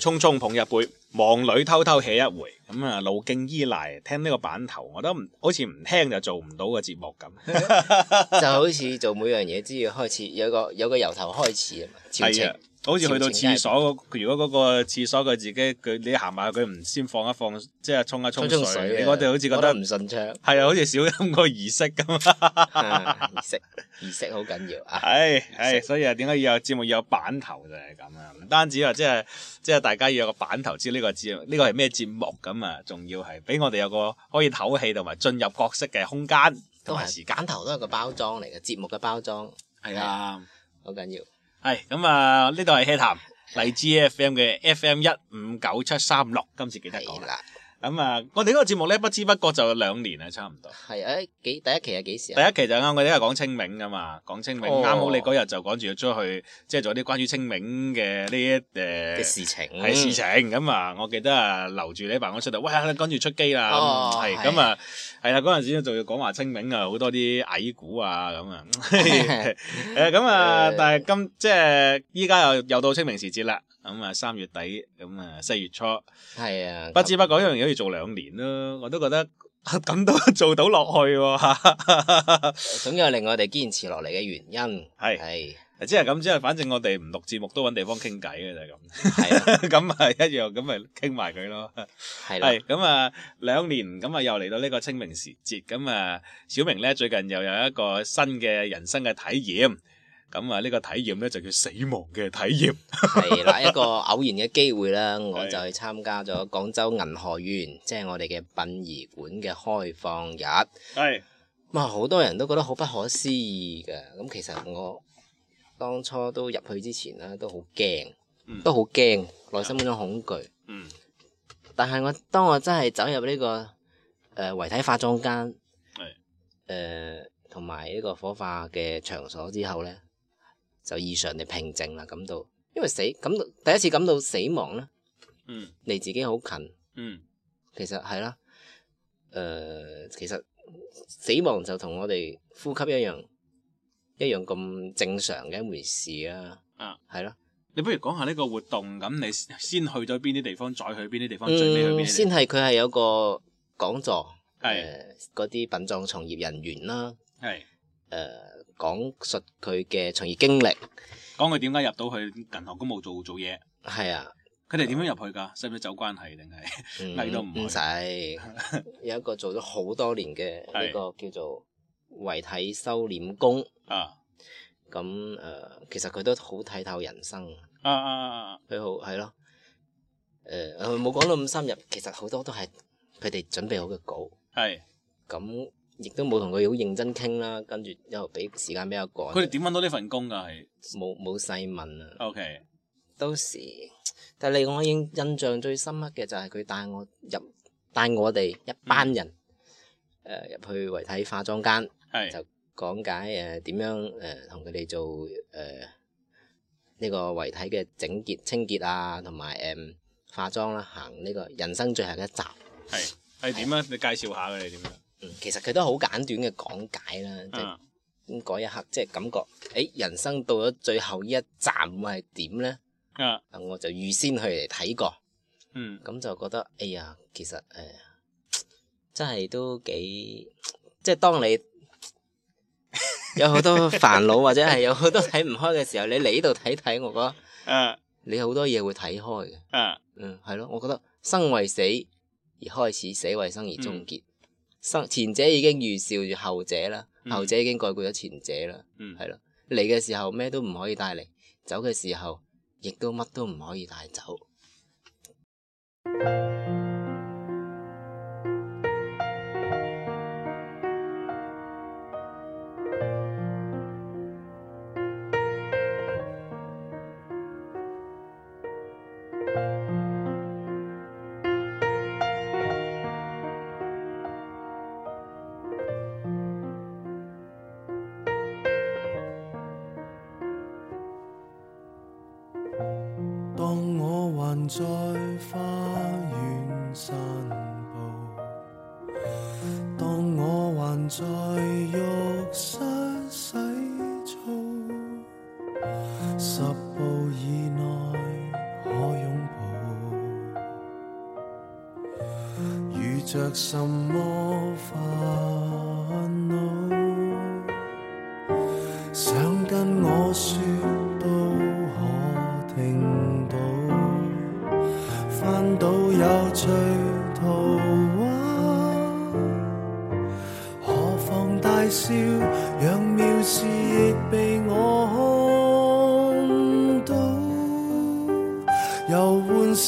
匆匆捧一杯，忙裏偷偷起一回，咁啊，路徑依賴，聽呢個版頭，我都唔好似唔聽就做唔到個節目咁 就好似做每樣嘢都要開始有，有個由頭開始。好似去到廁所廁所，如果嗰個廁所佢自己，佢你行埋佢唔先放一放，即係沖一沖水。我哋好似覺得唔順暢。係啊，好似少咗咁個儀式咁、 啊。儀式儀式好緊要。係係對，式所以啊，點解要有節目要有版頭就係咁啊？唔單止話即係即係大家要有板個版頭知呢個節目，呢個係咩節目咁啊？仲、這個、要係俾我哋有個可以透氣同埋進入角色嘅空間，時間。都係，時間頭都係個包裝嚟嘅節目嘅包裝。係啊的，好緊要。係咁啊！呢度係戲壇荔枝 F M 嘅 F M 一五九七三六，今次記得講啦。咁啊，我哋呢個節目咧，不知不覺就兩年啊，差唔多。係，啊。幾第一期係幾時啊？第一期，第一期就啱，我哋啱講清明噶嘛，講清明啱好、哦、你嗰日就趕住要出去，即係做啲關於清明嘅呢一誒嘅事情，係事情。咁啊，我記得啊，留住你喺辦公室度，喂，趕住出機啦，係咁啊，係啦、啊，嗰陣、啊、時咧就要講話清明啊，好多啲矮股啊咁啊，誒咁 啊，但係今即係依家又又到清明時節啦，咁啊三月底，咁啊四月初，係啊，不知不覺一樣要做兩年啦，我都覺得咁都做到落去，總有令我哋堅持落嚟嘅原因係係，即係咁即係，反正我哋唔錄節目都揾地方傾偈嘅就係咁，咁咪一樣咁咪傾埋佢咯，係咁啊兩年咁啊又嚟到呢個清明時節，咁啊小明咧最近又有一個新嘅人生嘅體驗。咁啊，呢個體驗咧就叫死亡嘅體驗。係 啦，一個偶然嘅機會啦，我就去參加咗廣州銀河園，即係我哋嘅殯儀館嘅開放日。係的，好多人都覺得好不可思議嘅。咁其實我當初都入去之前啦，嗯、都好驚，都好驚，內心嗰種恐懼。嗯。但係我當我真係走入呢個誒遺體化妝間，係的，誒同埋呢個火化嘅場所之後咧。就異常地平靜啦，感到，因為死，感到第一次感到死亡啦，嗯，離自己好近，嗯，其實係啦，誒、呃，其實死亡就同我哋呼吸一樣，一樣咁正常嘅一回事啦，啊，係啦的，你不如講下呢個活動，咁你先去咗邊啲地方，再去邊啲地方，嗯、最尾去邊？先係佢係有一個講座，係嗰啲殯葬從業人員啦，係的，誒、呃。講述佢嘅從業經歷，講佢點解入到去殯儀館做做嘢。係啊，佢哋點樣入去㗎？使唔使走關係定係？係都唔使，有一個做咗好多年嘅一是個叫做遺體修殮工。啊，咁誒、呃，其實佢都好睇透人生。啊啊啊！佢好係咯，誒、呃，冇講到咁深入，其實好多都係佢哋準備好嘅稿。係是，咁。亦都冇同佢好認真傾啦，跟住又後俾時間比較趕。佢哋點揾到呢份工㗎？係冇冇細問啊。O Okay . K，到時，但係嚟講，印印象最深刻嘅就係佢帶我入帶我哋一班人入、嗯呃、去遺體化妝間，是就講解點、呃、樣同佢哋做誒呢、呃呢個遺體嘅整潔、清潔啊，同埋誒化妝啦、啊，行呢個人生最後一集。係係點啊？你介紹下佢哋點樣？嗯、其實佢都好簡短嘅講解啦。即咁嗰一刻即係、即係、感覺誒、哎，人生到咗最後呢一站會係點咧？Uh huh. 我就預先去嚟睇過，嗯、uh，咁、huh. 就覺得哎呀，其實誒、哎，真係都幾即係當你有好多煩惱或者係有好多睇唔開嘅時候， 你嚟呢度睇睇，我覺得，uh huh. 嗯，你好多嘢會睇開嘅，嗯嗯係咯，我覺得生為死而開始，死為生而終結。Uh huh. 生前者已經預兆住後者啦，後者已經概括咗前者啦，係咯、嗯。嚟嘅時候咩都唔可以帶嚟，走嘅時候亦都乜都唔可以帶走。嗯在花園散步，當我還在浴室洗澡，十步以內可擁抱，遇着什麼花？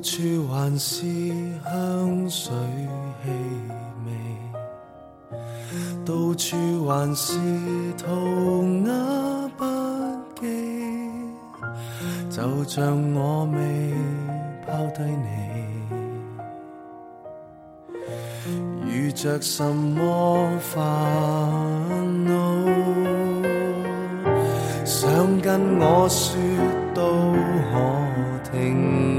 到處還是香水氣味，到處還是塗鴉筆記，就像我未拋低你，遇着什麼煩惱，想跟我說都可聽。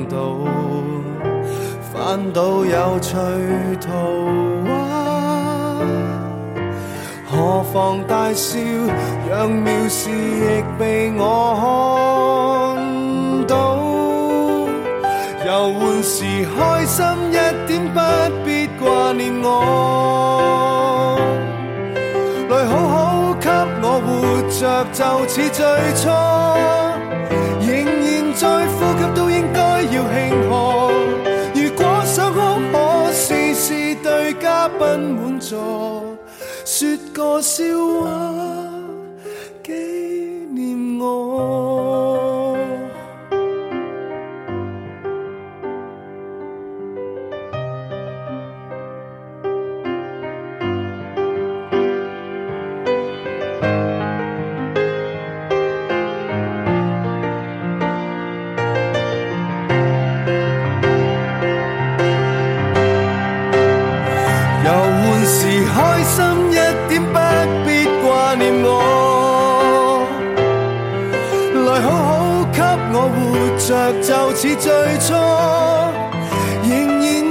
看到有趣圖畫，何妨大笑，讓妙事亦被我看到。遊玩時開心一點，不必掛念我，來好好給我活着就此，就似最初。說個笑話，紀念我。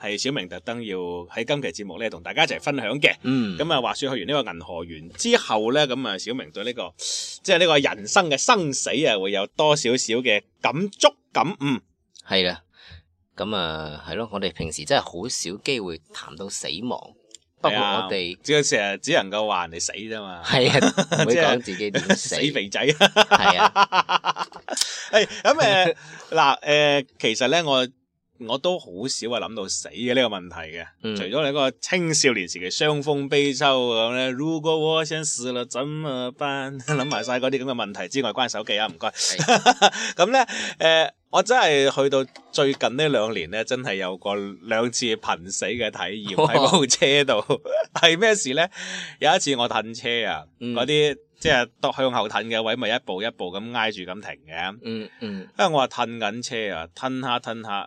係小明特登要喺今期節目咧，同大家一齊分享嘅。嗯，咁啊，話說去完呢個銀河園之後咧，咁啊，小明對呢、呢個即係呢個人生嘅生死啊，會有多少少嘅感觸感悟？係啦，咁啊，係咯，我哋平時真係好少機會談到死亡。不過我哋只係成日只能夠話人哋死啫嘛。係啊，唔會講自己點死肥仔。係啊的，咁誒， 嗱，誒、呃呃，其實咧我。我都好少話諗到死嘅呢、這個問題嘅，嗯、除咗你個青少年時期傷風悲秋咁咧，如果我想死啦，怎麼辦？諗埋晒嗰啲咁嘅問題之外，關手機啊，唔該。咁咧的，誒、 呃，我真係去到最近呢兩年咧，真係有過兩次瀕死嘅體驗喺部車度。係咩哇 事咧？有一次我褪車啊，嗰啲即係向後褪嘅位咪、就是、一步一步咁挨住咁停嘅、嗯。嗯嗯，因為我話褪緊車啊，褪下褪下。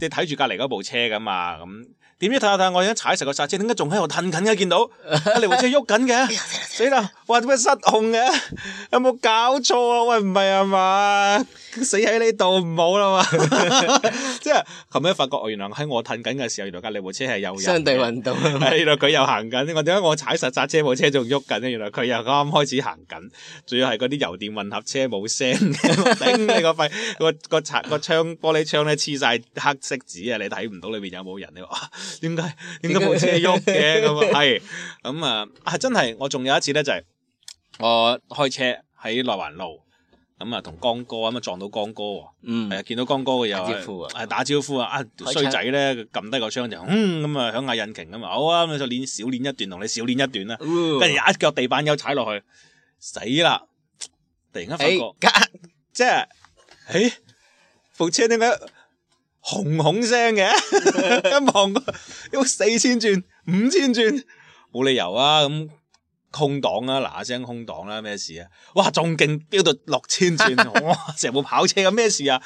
你睇住隔離嗰部車噶嘛，咁、嗯、點知睇下睇下，我而家踩實個剎車，點解仲喺度褪緊嘅？見到隔離部車喐緊嘅，死啦！哇，點解失控嘅？有冇搞錯啊？喂，唔係啊嘛？死喺呢度唔好啦嘛！即係後尾發覺，原來喺我褪緊嘅時候，原來隔離部車係有人。相對運動。 原來，佢又行緊。我點解我踩實剎車，部車仲喐緊咧？原來佢又啱啱開始行緊。仲要係嗰啲油電混合車冇聲，頂 你肥、 嗰個肺！個個擦個窗，嗰個、窗玻璃窗咧，黐晒。黑。即紙啊！你睇唔到裏面有冇人你話？點解？點解部車喐嘅咁啊？係咁啊！係真係我仲有一次咧，就係我開車喺內環路，咁啊同江哥，咁啊撞到江哥喎。係啊，見到江哥嘅又係打招呼啊！衰仔咧，撳低個窗就，嗯，咁啊響下引擎咁啊，好啊，咁就再練少練一段同你少練一段啦。跟住一腳地板又踩落去，死啦！突然間發覺，哎、即係唉，部車點解？轟轟聲嘅，一望個，四千轉、五千轉，冇理由啊，咁空擋啊，嗱嗱聲空擋啦、啊，咩事啊？哇，仲勁飆到六千轉，哇，成部跑車咁，咩事啊？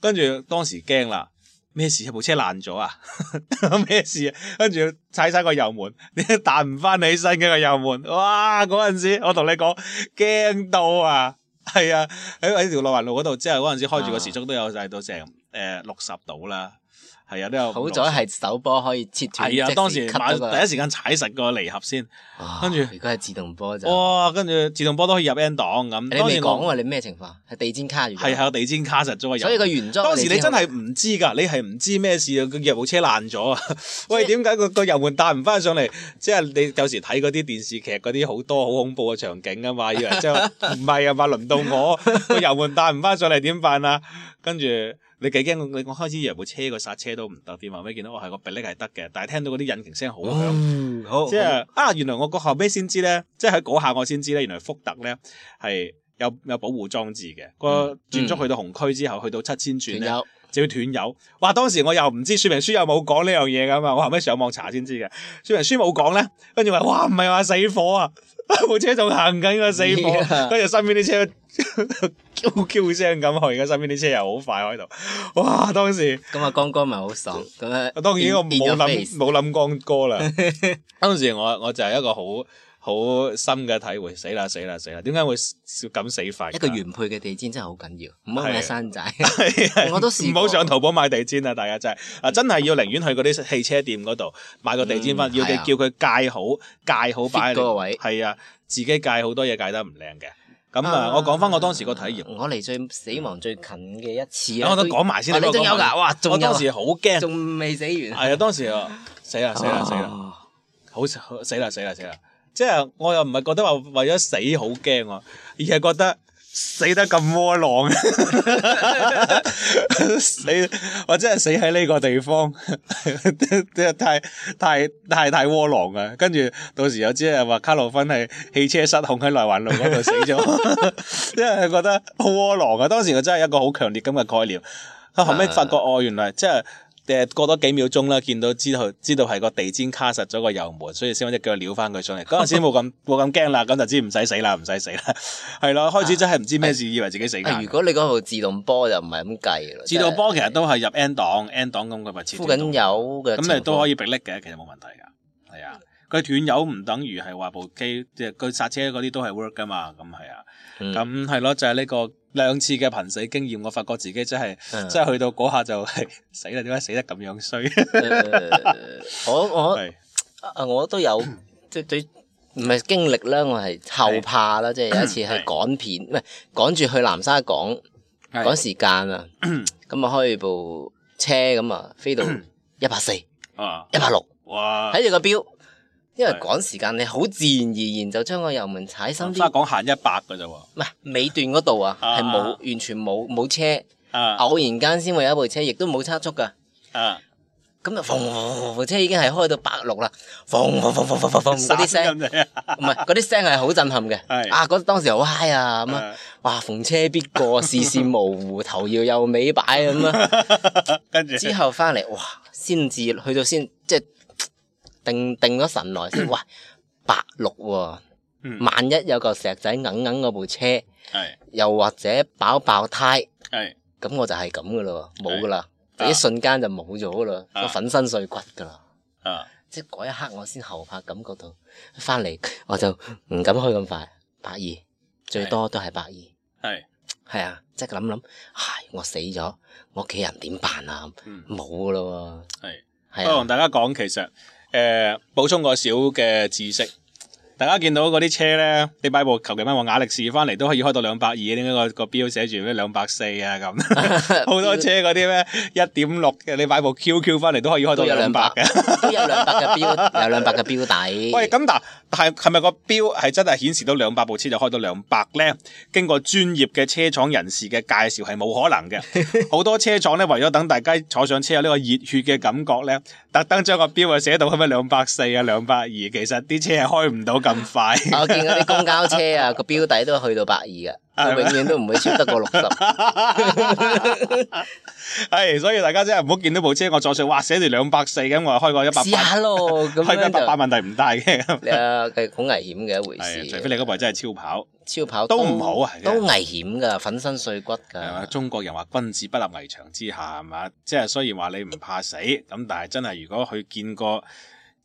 跟住當時驚啦，咩事，啊、部車爛咗啊？咩事啊？跟住踩晒個油門，你彈唔翻起身嘅個油門？哇，嗰陣時我同你講驚到啊，係啊，喺喺條內環路嗰度，即係嗰陣時開住個時速都有晒到聲。啊誒六十度啦，係、呃、有啲好彩係手波可以切斷。係啊的，時那個、當時買第一時間踩實個離合先，哦、跟住著如果係自動波就哇、哦，跟住自動波都可以入 N 檔咁。你未講喎，你咩情況？係地氈卡住，係係地氈卡實咗啊！所以個原裝當時你真係唔知㗎，你係唔知咩事啊？個越野車爛咗啊！ 喂，點解個個油門帶唔翻上嚟？即、就、係、是、你有時睇嗰啲電視劇嗰啲好多好恐怖嘅場景㗎嘛，以為即係唔係啊？話 輪到我個油門帶唔翻上嚟點辦啊？跟住。你幾驚？你我開始以為部車，個煞車都唔得。點後尾見到我係個比例係得嘅，但係聽到嗰啲引擎聲，哦、好響，即係、就是、好啊！原來我個後尾先知咧，即係喺嗰下我先知咧，原來福特咧係有有保護裝置嘅。嗯、個轉速去到紅區之後，嗯、去到七千轉咧。就要斷油，話當時我又唔知，說明書又冇講呢樣嘢噶嘛，我後屘上網查先知嘅，說明書冇講咧，跟住話哇，唔係話死火啊，部車仲行緊個死火，跟住身邊啲車叫叫聲咁，我而家身邊啲車又好快喺度。哇！當時咁啊，江哥咪好爽咁當當然我冇諗冇諗江哥啦，當時 當時我 時我，我就係一個好。好深嘅體會，死啦死啦死啦！點解會咁死快？一個原配嘅地氈真係好緊要，唔好買山寨。我都試過，唔好上淘寶買地氈啊！大家真係啊，真係要寧願去嗰啲汽車店嗰度買個地氈翻，要叫佢戒好戒好擺喺個位。係啊，自己戒好多嘢戒得唔靚嘅。咁啊，我講翻我當時個體驗。我嚟最死亡最近嘅一次啊，講埋先，仲有㗎！哇，仲有，我當時好驚，仲未死完。係啊，當時啊，死啦死啦死啦，好好死啦死啦死啦！即係我又唔係覺得話為咗死好驚喎，而係覺得死得咁窩囊， 死或者係死喺呢個地方， 太太太太窩囊啊！跟住到時又知係話卡洛芬係汽車失控喺內環路嗰度死咗，即係 覺得好窩囊啊！當時我真係一個好強烈咁嘅概念，後尾發覺哦，原來、啊、即係。誒，過多幾秒鐘啦，見到知道知道係個地氈卡實咗個油門，所以先揾隻腳撩翻佢上嚟。嗰陣時冇咁冇咁驚啦，咁 就知唔使死啦，唔使死啦，係 喇，開始真係唔知咩事，啊、以為自己死、啊、如果你嗰部自動波就唔係咁計咯，自動波其實都係入 N 檔的 N 檔咁佢嘛，附近有咁你都可以逼力嘅，其實冇問題㗎。係啊，佢斷油唔等於係話部機即係佢剎車嗰啲都係 work 㗎嘛。咁係啊。咁係咯，就係呢個兩次嘅瀕死經驗，我發覺自己真係，真係是的 去到嗰下就係、是、死啦，點解死得咁樣衰？我我是的 我都有即係對唔係經歷啦，我係後怕啦，是的 即係有一次去趕片，唔係趕住去南沙港趕時間啊，咁啊開部車咁啊飛到一百四啊一百六哇，睇住個錶。因為趕時間，你好自然而然就將個油門踩深啲。南沙講行一百嘅啫喎。唔係尾段嗰度啊，係冇完全冇冇車，啊、偶然間先會有一部車，亦都冇測速㗎。啊，咁啊，嗰部車已經係開到八六啦，嗰啲聲唔係，嗰啲聲係好震撼嘅。是啊，嗰當時好嗨 i 啊咁啊，啊哇逢車必過，視線 模糊，頭搖又尾擺咁啊。 跟住著之後翻嚟，哇，先至去到先即定定咗神來先，喂，八六喎，萬一有個石仔揞揞我部車，又或者爆爆胎，咁我就係咁噶啦，冇噶啦，第一瞬間就冇咗噶啦，我粉身碎骨噶啦，即係嗰一刻我先後怕感覺到，翻嚟，我就唔敢開咁快，八二最多都係八二，係係啊，即係諗諗，唉，我死咗，我屋企人點辦啊？冇噶喇，係係啊，我同大家講，其實。誒，補充個小嘅知識。大家見到嗰啲車咧，你買部求其乜話雅力士翻嚟都可以開到兩百二，點解個個標寫住咩兩百四啊咁？好 多車嗰啲咩一點六嘅，你買部 QQ 翻嚟都可以開到有兩百嘅， 都有兩百嘅標，有兩百嘅標底。喂，咁嗱，但係係咪個標係真係顯示到兩百部車就開到兩百咧？經過專業嘅車廠人士嘅介紹係冇可能嘅。好 多車廠咧，為咗等大家坐上車有呢個熱血嘅感覺咧，特登將個標啊寫到係咪兩百四啊兩百二，220，其實啲車係開唔到。咁快，我見嗰啲公交車啊，個標底都去到百二嘅，永遠都唔會超得過六十。係，所以大家真係唔好見到部車，我坐上，哇寫住兩百四咁，我開過一百八。試下咯，開個一百八問題唔大嘅。啊，佢好危險嘅一回事。除非你嗰位真係超跑，超跑都唔好啊，都危險㗎，粉身碎骨㗎。係嘛？中國人話君子不立危牆之下，係嘛？即係雖然話你唔怕死咁，但係真係如果佢見過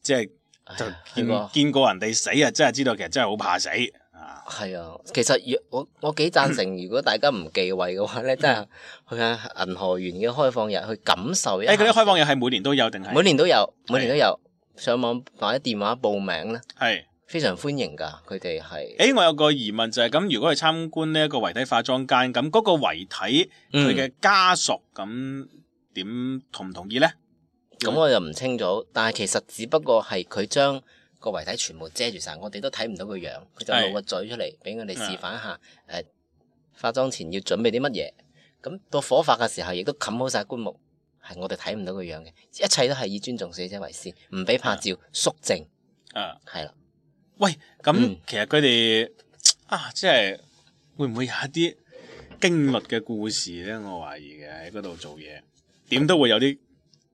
即係。就見過、哎、見過人哋死啊！真係知道其實真係好怕死啊！係啊，其實我我幾贊成， 如果大家唔忌諱嘅話咧，真係去下銀河園嘅開放日去感受一下。佢啲、哎、開放日係每年都有定係？每年都有，每年都有。是上網或者電話報名咧，係是非常歡迎㗎。佢哋係。誒、哎，我有個疑問就係、是、咁，如果去參觀呢一個遺體化妝間，咁嗰個遺體佢嘅、嗯、家屬咁點同唔同意咧？咁我就唔清楚，但係其實只不過係佢將個遺體全部遮住晒。我哋都睇唔到個樣。佢就露個嘴出嚟，俾我哋示範一下。誒的，化妝前要準備啲乜嘢？咁的到火化嘅時候，亦都冚好晒棺木，係我哋睇唔到個樣嘅。一切都係以尊重死者為先，唔俾拍照，肅靜。啊，係啦。喂，咁其實佢哋、嗯、啊，即係會唔會有一啲驚慄嘅故事咧？我懷疑嘅喺嗰度做嘢，點都會有啲。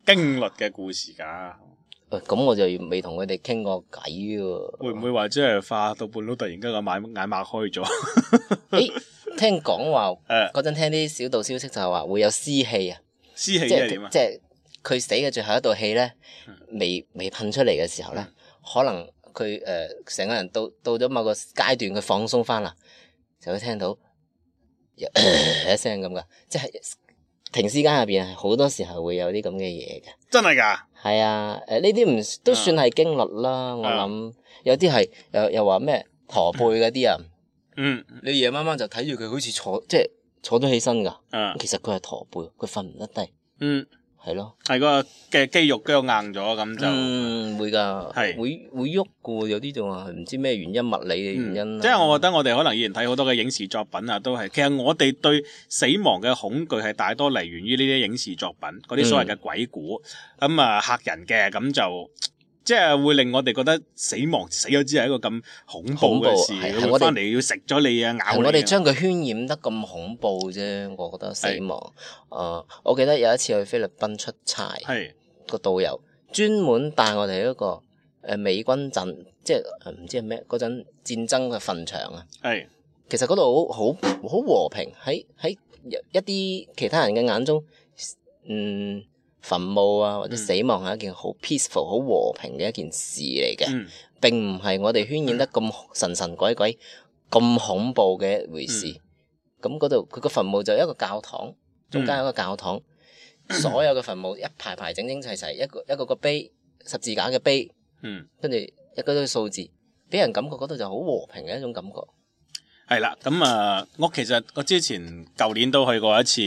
驚慄嘅故事噶，咁我就未同佢哋傾過偈喎，啊。會唔會話即係化到半路，突然間個眼眼擘開咗？ 誒，聽講話，嗰陣誒聽啲小道消息就係話會有屍氣啊，屍氣即係點啊？即係佢死嘅最後一道氣咧，未未噴出嚟嘅時候咧，嗯、可能佢誒成個人到到咗某個階段佢放鬆翻啦，就會聽到 一聲咁噶，即係。停屍間入邊係好多時候會有啲咁嘅嘢嘅，真係㗎？係啊，誒呢啲唔都算係經歷啦。我諗有啲係又又話咩駝背嗰啲啊。嗯，的嗯你夜晚晚就睇住佢好似坐即係坐咗起身㗎，嗯、其實佢係駝背，佢瞓唔得低，嗯。係咯，係個嘅肌肉僵硬咗咁就嗯會㗎，係是會會喐過，有啲仲話唔知咩原因，物理嘅原因。嗯、的即係我覺得我哋可能以前睇好多嘅影視作品啊，都係其實我哋對死亡嘅恐懼係大多嚟源於呢啲影視作品嗰啲所謂嘅鬼故，咁啊嚇人嘅咁就。即係會令我哋覺得死亡死咗之後係一個咁恐怖嘅事，佢返嚟要食咗你啊，咬你。係我哋將佢渲染得咁恐怖啫你，我覺得死亡是的、呃。我記得有一次去菲律賓出差，是的 個導遊專門帶我哋去一個美軍陣，即係唔知係咩嗰陣戰爭嘅墳場啊。是的 其實嗰度好好和平，喺喺一啲其他人嘅眼中，嗯。墳墓啊，或者死亡係一件好 peaceful、好和平嘅一件事嚟嘅，並唔係我哋渲染得咁神神鬼鬼、咁、嗯、恐怖嘅一回事。咁度佢個墳墓就一個教堂，中間有一個教堂，嗯、所有嘅墳墓一排排整整齊齊一個一個個碑十字架嘅碑，跟住、嗯、一堆堆數字，俾人感覺度就好和平嘅一種感覺。係啦，咁啊，我其實我之前舊年都去過一次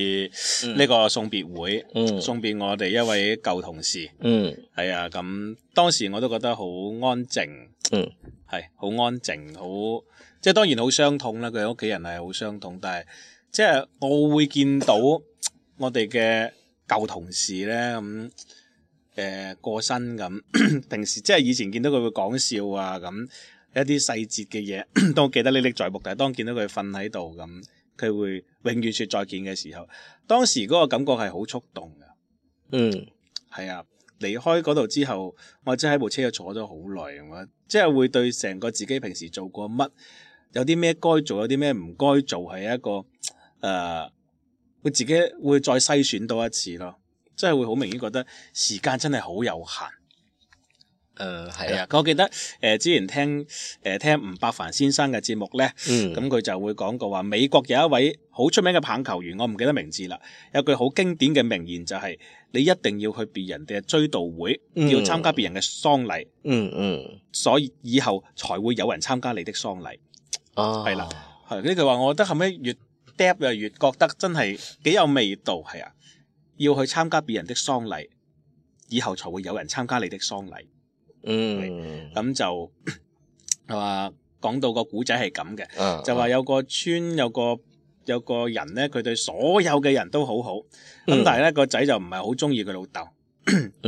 呢個送別會，嗯嗯、送別我哋一位舊同事。嗯，係啊，咁當時我都覺得好安靜。嗯，係好安靜，好即係當然好傷痛啦。佢屋企人係好傷痛，但係即係我會見到我哋嘅舊同事咧，咁誒、呃、過身咁， 平時即係以前見到佢會講笑啊咁。一啲細節嘅嘢 都記得歷歷在目，但係當見到佢瞓喺度咁，佢會永遠説再見嘅時候，當時嗰個感覺係好觸動嘅。嗯，係啊，離開嗰度之後，我真係喺部車度坐咗好耐，我即係會對成個自己平時做過乜，有啲咩該做，有啲咩唔該做，係一個誒，會、呃、自己會再篩選多一次咯，即係會好明顯覺得時間真係好有限。誒，係、嗯、啊，啊。我記得誒、呃，之前聽誒、呃、聽吳伯凡先生嘅節目呢，嗯，咁佢就會講過話美國有一位好出名嘅棒球員，我唔記得名字啦。有句好經典嘅名言就係、是：你一定要去別人嘅追悼會，嗯、要參加別人嘅喪禮，嗯嗯，所以以後才會有人參加你的喪禮。係啦、哦，係呢句話，我覺得後尾越噏越覺得真係幾有味道。係啊，要去參加別人的喪禮，以後才會有人參加你的喪禮。嗯，咁就係話講到個古仔係咁嘅，啊啊、就話有個村有個有個人咧，佢對所有嘅人都好好。咁、嗯、但係咧個仔就唔係好中意佢老豆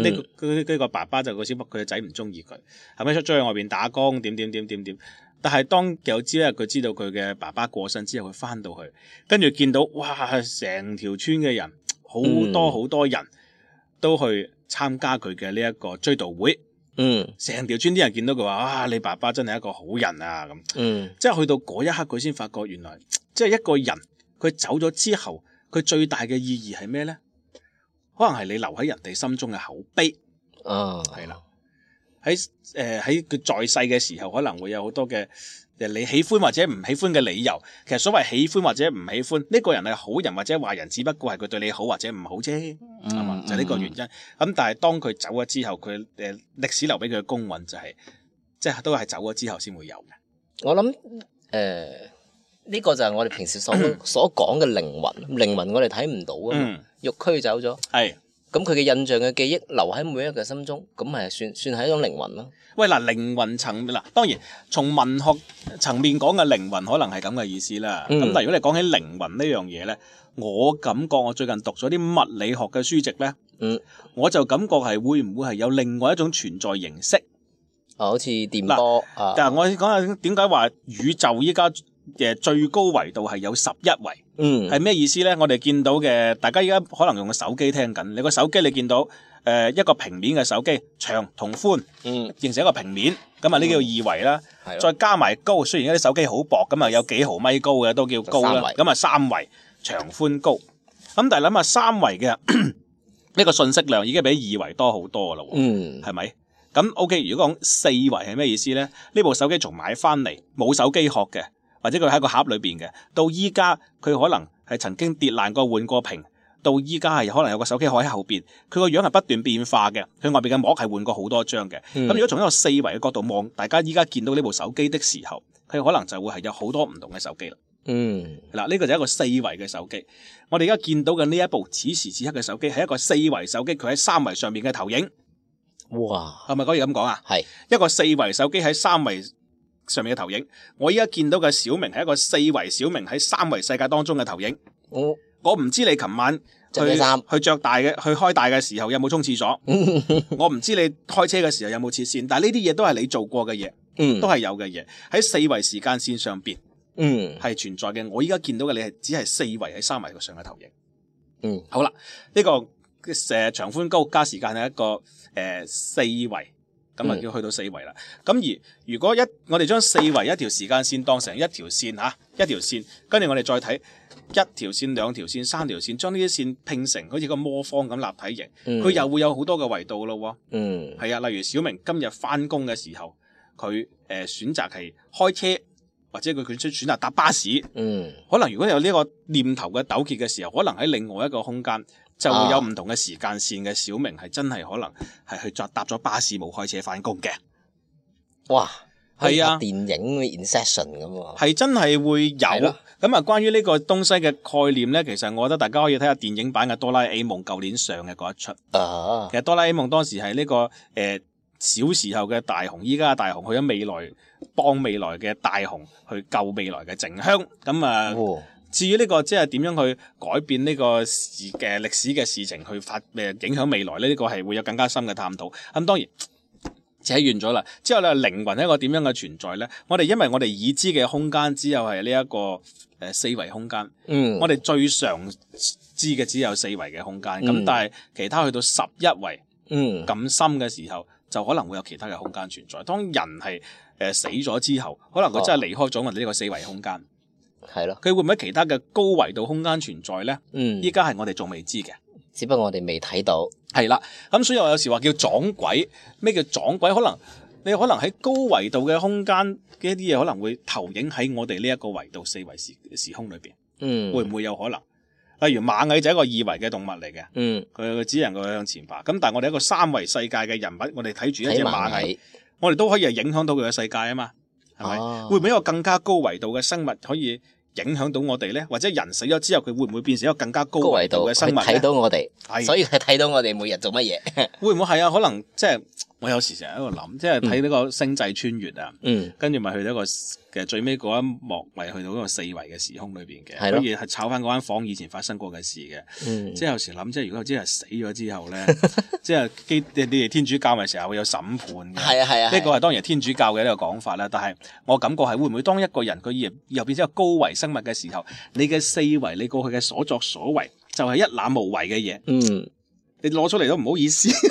呢個爸爸就佢小佢個仔唔中意佢，係咪、嗯、出咗去外邊打工，點點點點點。但係當有朝一日佢知道佢嘅爸爸過身之後，佢翻到去，跟住見到哇，成條村嘅人好多好多人，都去參加佢嘅呢一個追悼會。嗯，成條村啲人見到佢話，哇，你爸爸真係一個好人啊咁。嗯，即係去到嗰一刻，佢先發覺原來，即係一個人，佢走咗之後，佢最大嘅意義係咩呢？可能係你留喺人哋心中嘅口碑。啊、哦，係啦，喺誒喺佢在世嘅時候，可能會有好多嘅你喜歡或者唔喜歡嘅理由。其實所謂喜歡或者唔喜歡呢，這個人係好人或者壞人，只不過係佢對你好或者唔好啫。嗯就係呢個原因，咁但係當佢走咗之後，佢誒歷史留俾佢嘅公允就係、是，即係都係走咗之後先會有嘅。我諗誒，呢、呃這個就係我哋平時所 所講嘅靈魂，靈魂我哋睇唔到啊嘛，肉軀、嗯、走咗。咁佢嘅印象嘅記憶留喺每一個人心中，咁係算算係一種靈魂咯。喂，嗱靈魂層面嗱，當然從文學層面講嘅靈魂可能係咁嘅意思啦。咁、嗯、但如果你講起靈魂呢樣嘢咧，我感覺我最近讀咗啲物理學嘅書籍咧，嗯、我就感覺係會唔會係有另外一種存在形式？啊、好似電波啊。但係，我講下點解話宇宙依家嘅最高維度係有十一維，嗯係咩意思咧？我哋見到嘅，大家依家可能用個手機聽緊，你個手機你見到誒、呃、一個平面嘅手機長同寬，形成一個平面咁啊，呢叫二維啦。嗯、再加埋高，雖然一啲手機好薄咁啊，有幾毫米高嘅都叫高啦。咁啊，三維長寬高咁，但係諗下三維嘅呢個信息量已經比二維多好多啦。喎、嗯，係咪咁？O K，如果講四維係咩意思咧？呢部手機仲買翻嚟冇手機殼嘅。或者佢喺個盒裏面嘅，到依家佢可能係曾經跌爛過換過屏，到依家係可能有個手機殼喺後面。佢個樣係不斷變化嘅，佢外面嘅膜係換過好多張嘅。咁、嗯、如果從一個四維嘅角度望，大家依家見到呢部手機的時候，佢可能就會係有好多唔同嘅手機啦。嗯，嗱，呢個就係一個四維嘅手機。我哋而家見到嘅呢一部此時此刻嘅手機係一個四維手機，佢喺三維上面嘅投影。哇！係咪可以咁講啊？係是一個四維手機喺三維上面嘅投影，我依家見到嘅小明係一個四維小明喺三維世界當中嘅投影。我唔，我我唔知你琴晚着衫，去着大，嘅去開大嘅時候有冇沖廁所？ 我唔知你開車嘅時候有冇切線，但係呢啲嘢都係你做過嘅嘢，都係有嘅嘢喺四維時間線上邊，係存在嘅。我依家見到嘅你係只係四維喺三維上嘅投影。嗯， 好啦，呢個誒長寬高加時間係一個誒、呃、四維。咁啊，叫、嗯、去到四維啦。咁而如果一我哋將四維一條時間線當成一條線嚇，一條線，跟住我哋再睇一條線、兩條線、三條線，將呢啲線拼成好似個魔方咁立體型，佢、嗯、又會有好多嘅維度咯喎。嗯，係啊，例如小明今日返工嘅時候，佢誒、呃、選擇係開車，或者佢佢出選擇搭巴士。嗯，可能如果有呢個念頭嘅糾結嘅時候，可能喺另外一個空間，就會有唔同嘅時間線嘅小明，係真係可能係去作搭咗巴士冇開車翻工嘅。哇，係啊，電影嘅 inception 咁喎，係真係會有。咁啊，關於呢個東西嘅概念咧，其實我覺得大家可以睇下電影版嘅《哆啦 A 夢》，舊年上嘅嗰一出。啊，其實《哆啦 A 夢》當時係呢個誒，小時候嘅大雄，依家大雄去咗未來，幫未來嘅大雄去救未來嘅靜香。咁啊～至於呢個即係點樣去改變呢個事嘅歷史嘅事情去發影響未來呢？呢、呢個係會有更加深嘅探討。咁當然扯遠咗啦。之後咧，靈魂係一個點樣嘅存在咧？我哋因為我哋已知嘅空間只有係呢一個四維空間。嗯。我哋最常知嘅只有四維嘅空間。咁、嗯、但係其他去到十一維。嗯。咁深嘅時候，嗯、就可能會有其他嘅空間存在。當人係死咗之後，可能佢真係離開咗我哋呢個四維空間。係咯，佢會唔會喺其他嘅高維度空間存在咧？嗯，依家係我哋仲未知嘅，只不過我哋未睇到。係啦，咁所以我有時話叫撞鬼。咩叫撞鬼？可能你可能喺高維度嘅空間嘅一啲嘢，可能會投影喺我哋呢一個維度四維時時空裏邊。嗯，會唔會有可能？例如螞蟻就係一個二維嘅動物嚟嘅，嗯，佢只能夠向前爬。咁但係我哋一個三維世界嘅人物，我哋睇住一隻螞蟻，我哋都可以係影響到佢嘅世界啊嘛。係咪會唔會一個更加高維度嘅生物可以影響到我哋咧？或者人死咗之後，佢會唔會變成一個更加高維度嘅生物？睇到我哋，係所以佢睇到我哋每日做乜嘢？ 會唔會係啊？可能即係。就係我有時成日喺度諗，即係睇呢個星際穿越啊，跟住咪去到一個其實最尾嗰一幕，咪去到呢個四維嘅時空裏邊嘅，可以係炒翻嗰間房以前發生過嘅事嘅、嗯。即係有時諗，即係如果我真係死咗之後咧， 即係基你哋天主教咪成日會有審判嘅，係啊係啊，呢、啊啊、個係當然天主教嘅呢個講法啦。但係我感覺係會唔會當一個人佢入邊變咗高維生物嘅時候，你嘅四維你過去嘅所作所為就係一覽無遺嘅嘢。嗯。你攞出嚟都唔好意思 是，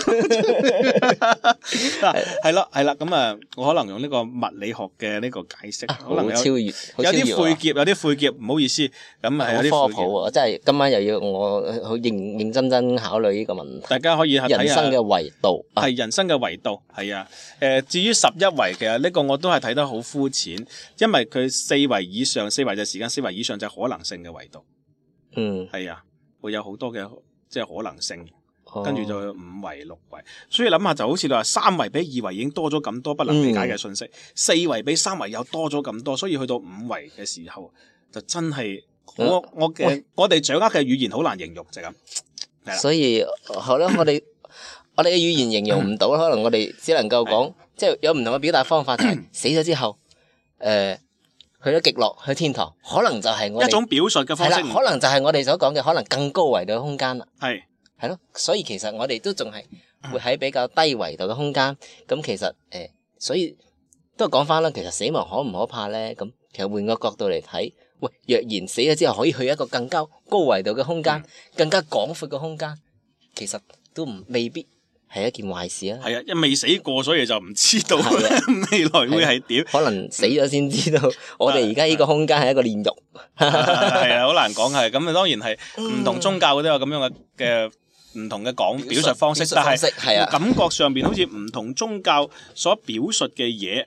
嗱，係啦係啦，咁啊，我可能用呢個物理學嘅呢個解釋，啊、可能超越，有啲晦澀，有啲晦澀，唔好意思。咁啊，啲的科普啊，即係今晚又要我好認認真真考慮呢個問題。大家可以喺人生嘅維度，係人生嘅維度，係啊。誒、呃，至於十一維，其實呢個我都係睇得好膚淺，因為佢四維以上，四維就時間，四維以上就係可能性嘅維度。嗯，係啊，會有好多嘅即係可能性。哦、跟住就五維六維，所以諗下就好似你話三維比二維已經多咗咁多不能理解嘅信息，嗯、四維比三維又多咗咁多，所以去到五維嘅時候就真係我我、呃呃、我哋掌握嘅語言好難形容就咁、是，所以好啦 我哋我哋嘅語言形容唔到啦，嗯、可能我哋只能夠講是即係有唔同嘅表達方法，就係、是、死咗之後，誒去咗極樂，去,去天堂，可能就係我哋一種表述嘅方式，可能就係我哋所講嘅可能更高維嘅空間啦，係。係咯，所以其實我哋都仲係會喺比較低維度嘅空間。咁其實誒，所以都講翻啦，其實死亡可唔可怕咧？咁其實換個角度嚟睇，喂，若然死咗之後可以去一個更加高維度嘅空間，更加廣闊嘅空間，其實都唔未必係一件壞事啊。係啊，因為未死過所以就唔知道未來會係點，可能死咗先知道。我哋而家呢個空間係一個煉獄，係啊，好難講係。咁啊，當然係唔同宗教都有咁樣嘅嘅。唔同嘅講表述方式，但係係啊，感覺上邊好似唔同宗教所表述嘅嘢，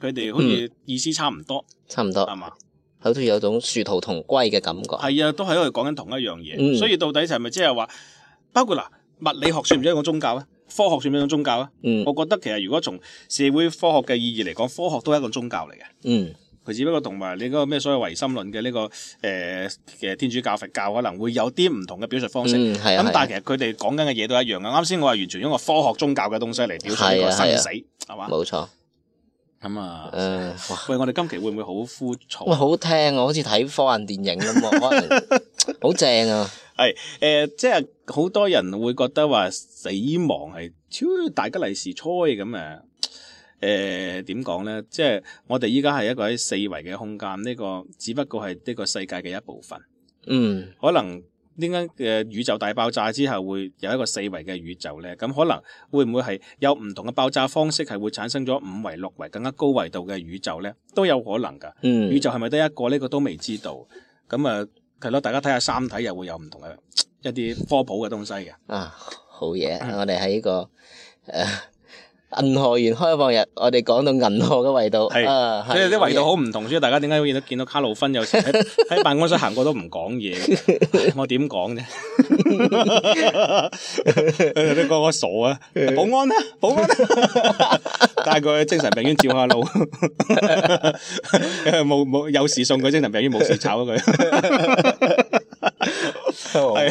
佢哋 好似意思差唔多，嗯、差唔多係嘛？吧好似有種殊途同歸嘅感覺。係啊，都係喺度講緊同一樣嘢，嗯、所以到底係咪即係話，包括嗱，物理學算唔算一個宗教咧？科學算唔算一種宗教咧？嗯，我覺得其實如果從社會科學嘅意義嚟講，科學都係一個宗教嚟嘅。嗯。佢只不過同埋你嗰個咩所謂唯心論嘅呢、這個誒嘅、呃、天主教、佛教可能會有啲唔同嘅表述方式。咁、嗯啊、但其實佢哋講緊嘅嘢都一樣。啱啱先我係完全用個科學宗教嘅東西嚟表述呢個生死，係嘛、啊？冇、啊、吧錯。咁啊，誒，喂，我哋今期會唔會好枯燥？喂，好聽好 啊，好似睇科幻電影咁喎，好正啊！係誒，即係好多人會覺得話死亡係超大吉利是猜咁啊。誒，點講咧？即係我哋依家係一個喺四維嘅空間，呢個只不過係呢個世界嘅一部分。嗯，可能點解誒宇宙大爆炸之後會有一個四維嘅宇宙咧？咁可能會唔會係有唔同嘅爆炸方式，係會產生咗五維、六維更加高維度嘅宇宙咧？都有可能噶。嗯，宇宙係咪得一個呢？呢個都未知道。咁啊，係咯，大家睇下《三體》又會有唔同嘅一啲科普嘅東西嘅。啊，好嘢！嗯、我哋喺呢個誒。呃銀河園開放日，我哋講到銀河嘅味道，啊，係，係啲味道好唔同。所以大家點解會見到見到卡路芬，有時喺喺辦公室行過都唔講嘢，我點講啫？你講我傻啊？保安啊？保安帶佢去精神病院照下腦，冇冇有事送佢精神病院，冇事炒咗佢。係，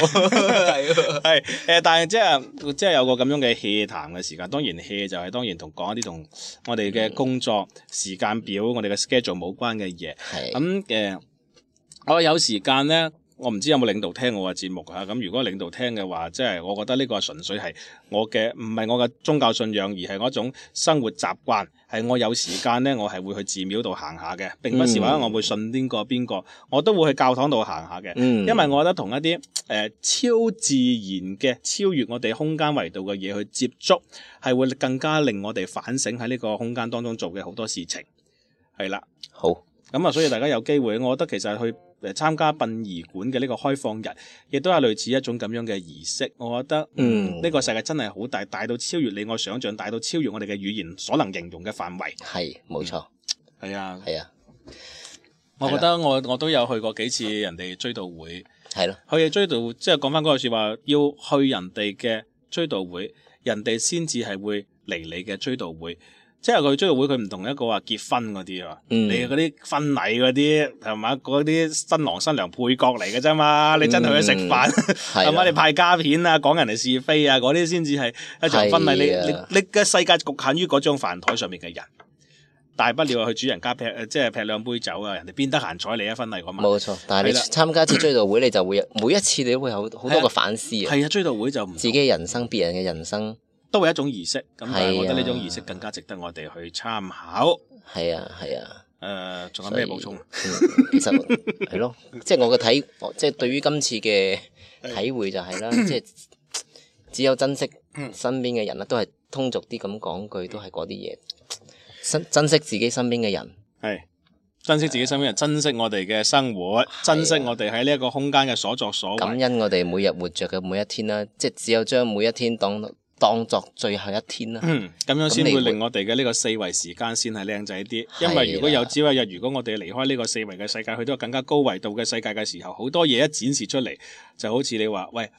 係， 誒，但係即係，即係有個咁樣嘅戲談嘅時間。當然、就是，戲就係當然同講一啲同我哋嘅工作時間表、嗯、我哋嘅 schedule 冇關嘅嘢。係的，咁、嗯呃、我有時間咧。我唔知有冇領導聽我嘅節目啊？咁如果領導聽嘅話，即係我覺得呢個純粹係我嘅，唔係我嘅宗教信仰，而係一種生活習慣。係我有時間咧，我係會去寺廟度行下嘅。並不是話我會信邊個邊個，我都會去教堂度行下嘅。因為我覺得同一啲誒超自然嘅、超越我哋空間維度嘅嘢去接觸，係會更加令我哋反省喺呢個空間當中做嘅好多事情。係啦，好。咁啊，所以大家有機會，我覺得其實去。誒參加殯儀館嘅呢個開放日，亦都係類似一種咁樣嘅儀式。我覺得，嗯，呢、嗯呢個世界真係好大，大到超越你我想象，大到超越我哋嘅語言所能形容嘅範圍。係，冇錯，係、嗯、啊，係啊。我覺得我我都有去過幾次人哋追悼會，係咯、啊，去嘅追、即係、追悼會，即係講翻嗰句説話，要去人哋嘅追悼會，人哋先至係會嚟你嘅追悼會。即係佢追悼會，佢唔同一個話結婚嗰啲啊，嗯、你嗰啲婚禮嗰啲係嘛？嗰啲新郎新娘配角嚟嘅啫嘛，你真係去食飯係嘛？你派家片啊，講人哋是非啊，嗰啲先至係一場婚禮的。你你你嘅世界局限於嗰張飯台上面嘅人，大不了去主人家劈即係劈兩杯酒啊。人哋邊得閒睬你啊？婚禮嗰晚冇錯，但係你參的加一次追悼會，你就會、嗯、每一次你都會有好多個反思係啊，追悼會就唔自己人生，別人嘅人生。都係一種儀式，咁但係我覺得呢種儀式更加值得我哋去參考。係啊，係啊，誒、啊，仲、呃、有咩補充？其實係咯，即係 我嘅體，即、就、係、是、對於今次嘅體會就係、是、啦，即係是只有珍惜身邊嘅人啦， 都係通俗啲咁講句，都係嗰啲嘢。珍珍惜自己身邊嘅人，係珍惜自己身邊人，啊、珍惜我哋嘅生活，珍惜我哋喺呢一個空間嘅所作所為，感恩我哋每日活着嘅每一天啦。即、就、係、是、只有將每一天當。當作最後一天啦，嗯，咁樣先會令我哋嘅呢個四維時間先係靚仔啲。的因為如果有朝一日，如果我哋離開呢個四維嘅世界，去到更加高維度嘅世界嘅時候，好多嘢一展示出嚟，就好似你話，喂，誒、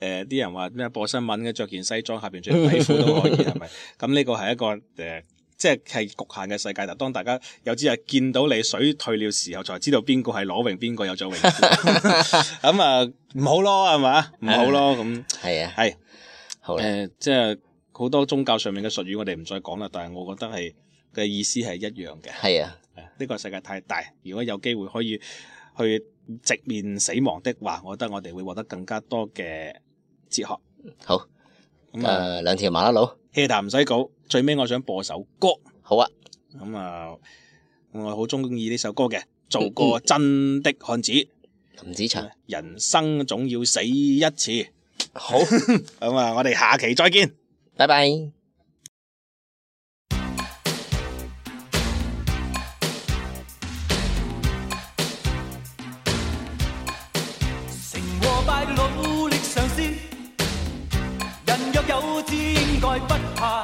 呃、啲人話咩播新聞嘅着件西裝下邊著皮褲都可以，係咪？ 咁呢個係一個、呃、即係係侷限嘅世界。就當大家有朝日見到你水退了時候，才知道邊個係裸泳，邊個有咗泳褲。咁啊、 嗯，唔好咯，係嘛？唔的好咯，咁係啊，係的。誒、呃，即係好多宗教上面嘅術語，我哋唔再講啦。但係我覺得係嘅意思係一樣嘅。係啊的，呢個世界太大，如果有機會可以去直面死亡的話，我覺得我哋會獲得更加多嘅哲學。好，咁啊就，就兩條馬騮 hea 唔使講，最尾我想播首歌。好啊，咁啊，我好中意呢首歌嘅，做個真的漢子，林子祥，嗯嗯、人生總要死一次。好，咁啊，我哋下期再見，拜拜。成和敗，努力嘗試，人若有志，應該不怕。